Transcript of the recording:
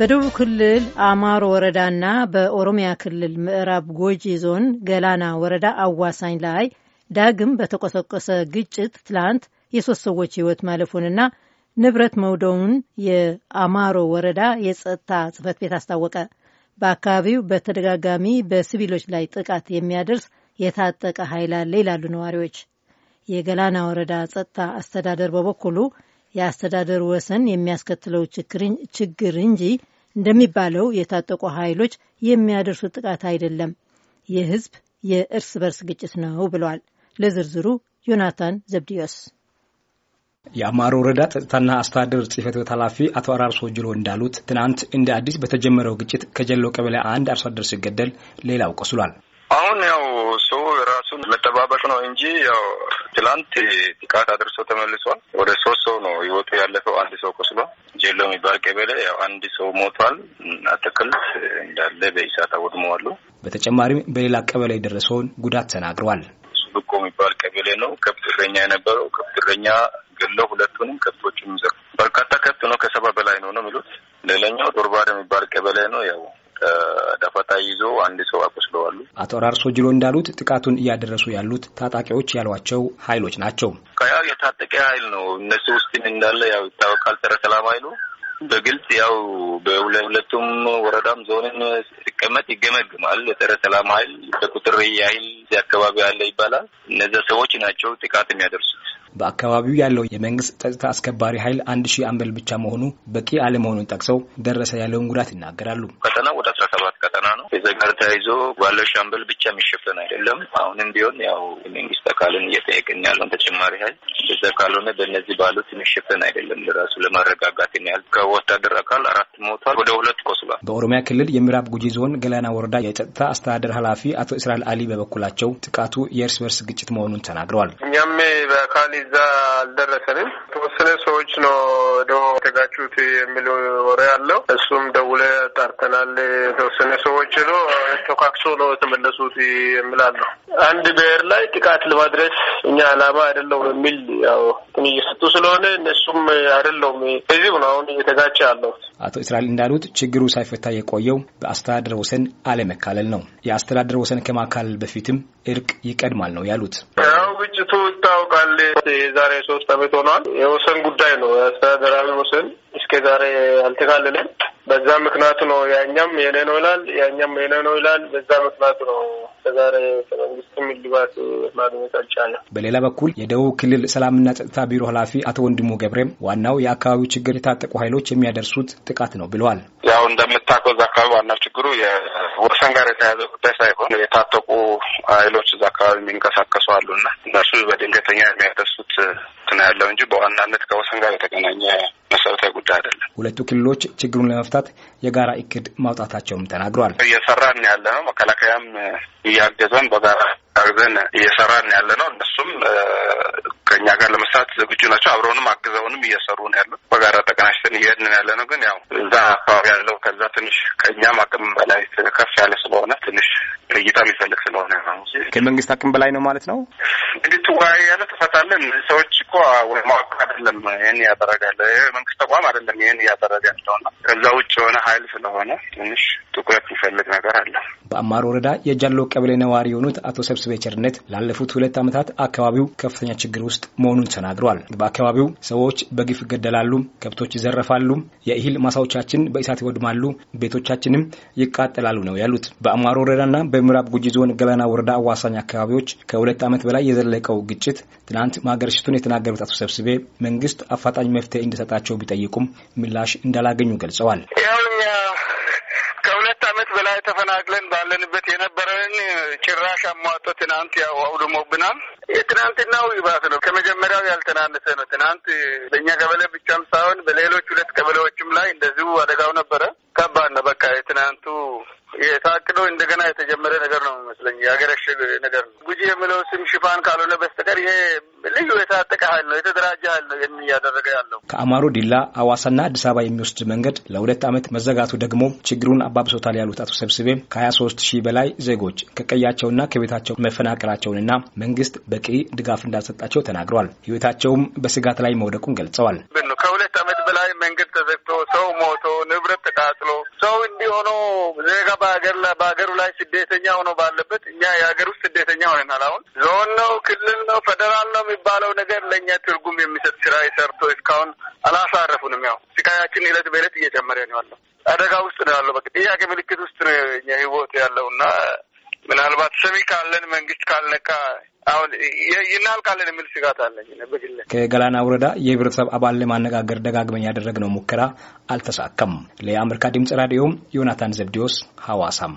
በደቡብ ክልል አማሮ ወረዳና በኦሮሚያ ክልል ምዕራብ ጎጂ ዞን ገላና ወረዳ አዋሳኝ ላይ ዳግም በተቆሰቆሰ ግጭት ትላንት የሶስት ሰዎች ሕይወት ማለፉንና ንብረት መውደውን የአማሮ ወረዳ የጸጥታ ጽህፈት ቤት አስታወቀ። በአካባቢው በተደጋጋሚ በሲቪሎች ላይ ጥቃት የሚያደርስ የታጠቀ ኃይል አለ ይላሉ ነዋሪዎች። የገላና ወረዳ ጸጥታ አስተዳደር በበኩሉ የአስተዳደር ወሰን የሚያስከትለው ችግር እንጂ እንደሚባለው የታጠቁ ኃይሎች የሚያደርሱ ጥቃት አይደለም፣ የህዝብ የእርስ በርስ ግጭት ነው ብለዋል። ለዝርዝሩ ዮናታን ዘብዲዮስ የአማሮ ወረዳ ጸጥታና አስተዳደር ጽህፈት ቤት ኃላፊ አቶ አራርሶ ጅሎ እንዳሉት ትናንት እንደ አዲስ በተጀመረው ግጭት ከጀሎ ቀበሌ አንድ አርሶ አደር ሲገደል ሌላው ቆስሏል። አሁን ያው ሰው እሱን መጠባበቅ ነው እንጂ ያው ትላንት ጥቃት አድርሶ ተመልሷል። ወደ ሶስት ሰው ነው ህይወቱ ያለፈው። አንድ ሰው ቆስሏል። ጀሎ የሚባል ቀበሌ ያው አንድ ሰው ሞቷል። አትክልት እንዳለ በእሳት አወድመዋል። በተጨማሪም በሌላ ቀበሌ የደረሰውን ጉዳት ተናግረዋል። ብቆ የሚባል ቀበሌ ነው። ከብት እረኛ የነበረው ከብት እረኛ ገለው ሁለቱንም ከብቶቹም ዘርፍ በርካታ ከብት ነው። ከሰባ በላይ ነው ነው የሚሉት። ሌላኛው ዶርባር የሚባል ቀበሌ ነው ያው ይዞ አንድ ሰው አቆስለዋል። አቶ ራርሶ ጅሎ እንዳሉት ጥቃቱን እያደረሱ ያሉት ታጣቂዎች ያሏቸው ኃይሎች ናቸው። ያው የታጠቀ ኃይል ነው እነሱ ውስጥ እንዳለ ያው ይታወቃል። ፀረ ሰላም ኃይሉ በግልጽ ያው በሁለቱም ወረዳም ዞንም ሲቀመጥ ይገመግማል። የፀረ ሰላም ኃይል በቁጥር ያህል አካባቢ አለ ይባላል። እነዚያ ሰዎች ናቸው ጥቃት የሚያደርሱት። በአካባቢው ያለው የመንግስት ጸጥታ አስከባሪ ኃይል አንድ ሺህ አምበል ብቻ መሆኑ በቂ አለመሆኑን ጠቅሰው ደረሰ ያለውን ጉዳት ይናገራሉ። ቀጠና ወደ አስራ ሰባት ከዚያ ጋር ተያይዞ ባለው ሻምበል ብቻ የሚሸፈን አይደለም። አሁንም ቢሆን ያው የመንግስት አካልን እየጠየቅን ያለውን ተጨማሪ ሀይል እንደዛ ካልሆነ በእነዚህ ባሉት የሚሸፈን አይደለም። ለራሱ ለማረጋጋት ያህል ከወታደር አካል አራት ሞቷል፣ ወደ ሁለት ቆስሏል። በኦሮሚያ ክልል የምዕራብ ጉጂ ዞን ገላና ወረዳ የጸጥታ አስተዳደር ኃላፊ አቶ እስራኤል አሊ በበኩላቸው ጥቃቱ የእርስ በርስ ግጭት መሆኑን ተናግረዋል። እኛም በአካል ይዛ አልደረሰንም። ተወሰነ ሰዎች ነው ወደ ተጋጩት የሚል ወሬ ያለው እሱም ደውለ ጠርተናል። የተወሰነ ሰዎች ነው ተኳክሶ ነው የተመለሱት የሚላል ነው አንድ ብሔር ላይ ጥቃት ለማድረስ እኛ አላማ አይደለው የሚል ያው እየሰጡ ስለሆነ እነሱም አይደለውም እዚሁ ነው አሁን እየተጋጨ ያለሁት። አቶ እስራኤል እንዳሉት ችግሩ ሳይፈታ የቆየው በአስተዳደር ወሰን አለመካለል ነው። የአስተዳደር ወሰን ከማካለል በፊትም እርቅ ይቀድማል ነው ያሉት። ያው ግጭቱ ይታወቃል። የዛሬ ሶስት አመት ሆኗል። የወሰን ጉዳይ ነው የአስተዳደራዊ ወሰን እስከ ዛሬ አልተካለለን። በዛ ምክንያቱ ነው ያኛም የኔ ነው ይላል፣ ያኛም የኔ ነው ይላል። በዛ ምክንያቱ ነው ከዛሬ ከመንግስት ልባት ማግኘት አልቻለም። በሌላ በኩል የደቡብ ክልል ሰላምና ጸጥታ ቢሮ ኃላፊ አቶ ወንድሙ ገብሬም ዋናው የአካባቢው ችግር የታጠቁ ኃይሎች የሚያደርሱት ጥቃት ነው ብለዋል። ያው እንደምታውቀው እዛ አካባቢ ዋናው ችግሩ የወሰን ጋር የተያዘ ጉዳይ ሳይሆን የታጠቁ ኃይሎች እዛ አካባቢ የሚንቀሳቀሱ አሉና እነሱ በድንገተኛ የሚያደርሱት ውስጥ ነው ያለው እንጂ በዋናነት ከወሰን ጋር የተገናኘ መሰረታዊ ጉዳይ አይደለም። ሁለቱ ክልሎች ችግሩን ለመፍታት የጋራ እቅድ ማውጣታቸውም ተናግሯል። እየሰራን ያለ ነው። መከላከያም እያገዘን በጋራ አግዘን እየሰራን ያለ ነው። እነሱም ከእኛ ጋር ለመስራት ዝግጁ ናቸው። አብረውንም አግዘውንም እየሰሩ ነው ያሉት። በጋራ ተቀናሽተን እየሄድን ያለ ነው። ግን ያው እዛ አካባቢ ያለው ከዛ ትንሽ ከእኛም አቅም በላይ ከፍ ያለ ስለሆነ ትንሽ እይታ የሚፈልግ ስለሆነ ነው እንጂ ከመንግስት አቅም በላይ ነው ማለት ነው እንግዲህ ተወያየን፣ ተፈታልን። ሰዎች እኮ ወይ ማወቅ አይደለም ይህን እያደረጋለ የመንግስት ተቋም አይደለም ይህን እያደረገ ያለውና ከዛ ውጭ የሆነ ሀይል ስለሆነ ትንሽ ትኩረት የሚፈልግ ነገር አለ። በአማር ወረዳ የጃሎ ቀበሌ ነዋሪ የሆኑት አቶ ሰብስቤ ቸርነት ላለፉት ሁለት ዓመታት አካባቢው ከፍተኛ ችግር ውስጥ መሆኑን ተናግረዋል። በአካባቢው ሰዎች በግፍ ይገደላሉ፣ ከብቶች ይዘረፋሉ፣ የእህል ማሳዎቻችን በእሳት ይወድማሉ፣ ቤቶቻችንም ይቃጠላሉ ነው ያሉት። በአማር ወረዳና በምዕራብ ጉጂ ዞን ገላና ወረዳ አዋሳኝ አካባቢዎች ከሁለት ዓመት በላይ የዘለቀው ግጭት ትናንት ማገርሽቱን የተናገሩት አቶ ሰብስቤ መንግስት አፋጣኝ መፍትሄ እንዲሰጣቸው ቢጠይቁም ምላሽ እንዳላገኙ ገልጸዋል። ያው ከሁለት አመት በላይ ተፈናቅለን ባለንበት የነበረን ጭራሽ አሟጦ ትናንት ያው አውድሞብናል። የትናንትናው ይባስ ነው፣ ከመጀመሪያው ያልተናነሰ ነው። ትናንት በእኛ ቀበሌ ብቻም ሳይሆን በሌሎች ሁለት ቀበሌዎችም ላይ እንደዚሁ አደጋው ነበረ። ከባድ ነው። በቃ የትናንቱ የታቅዶ እንደገና የተጀመረ ነገር ነው የሚመስለኝ፣ የሀገረሽ ነገር ነው። ጉጂ የሚለው ስም ሽፋን ካልሆነ በስተቀር ይሄ ልዩ የታጠቀ ኃይል ነው፣ የተደራጀ ኃይል ነው እያደረገ ያለው። ከአማሮ ዲላ አዋሳና አዲስ አበባ የሚወስድ መንገድ ለሁለት ዓመት መዘጋቱ ደግሞ ችግሩን አባብሶታል ያሉት አቶ ሰብስቤ ከሀያ ሶስት ሺህ በላይ ዜጎች ከቀያቸውና ከቤታቸው መፈናቀላቸውንና መንግስት በቂ ድጋፍ እንዳልሰጣቸው ተናግረዋል። ህይወታቸውም በስጋት ላይ መውደቁን ገልጸዋል። መንገድ ተዘግቶ ሰው ሞቶ ንብረት ተቃጥሎ ሰው እንዲሆኖ ዜጋ በሀገር በሀገሩ ላይ ስደተኛ ሆኖ ባለበት እኛ የሀገር ውስጥ ስደተኛ ሆነናል። አሁን ዞን ነው ክልል ነው ፌደራል ነው የሚባለው ነገር ለእኛ ትርጉም የሚሰጥ ስራ የሰርቶ እስካሁን አላሳረፉንም። ያው ስቃያችን ዕለት በዕለት እየጨመረ ነው ያለው። አደጋ ውስጥ ነው ያለው። በቃ ጥያቄ ምልክት ውስጥ ነው የእኛ ህይወት እና ምናልባት ሰሚ ካለን መንግስት ካልነካ አሁን ይናልቃለን የሚል ስጋት አለኝ በግል። ከገላና ወረዳ የህብረተሰብ አባል ለማነጋገር ደጋግመን ያደረግነው ሙከራ አልተሳካም። ለአሜሪካ ድምጽ ራዲዮ ዮናታን ዘብዲዮስ ሐዋሳም